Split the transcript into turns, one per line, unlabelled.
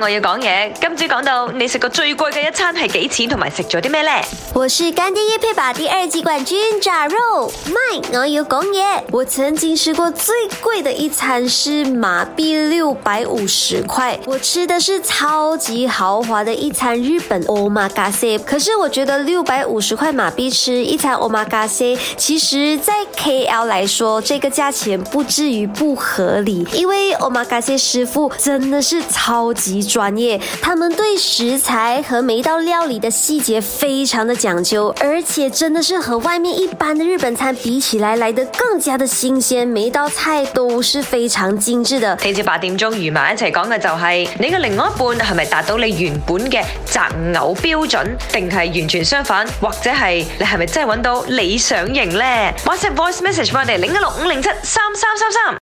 我要講嘢，今
次講到你食過最貴嘅一餐係幾錢，同埋食咗啲咩呢？
我是乾爹一配把第二季冠軍炸肉。r m i 我要講嘢。我曾經食過最貴嘅一餐是馬幣六百五十塊，我吃的是超級豪華的一餐日本 omakase、哦。可是我覺得六百五十塊馬幣吃一餐 omakase，、哦、其實在 KL 來說，這個價錢不至於不合理，因為 omakase、哦、師傅真的是超級。專業，他們對食材和每一道料理的細節非常的講究，而且真的是和外面一般的日本餐，比起來來得更加的新鮮，每一道菜都是非常精致的。聽朝八點鐘，余媽一齊講嘅就係、
是、你嘅另外一半係咪達到你原本嘅擇偶標準，定係完全相
反，或者係你係咪真係揾到理想型呢？WhatsApp voice message 我哋零一六五零七三三三三。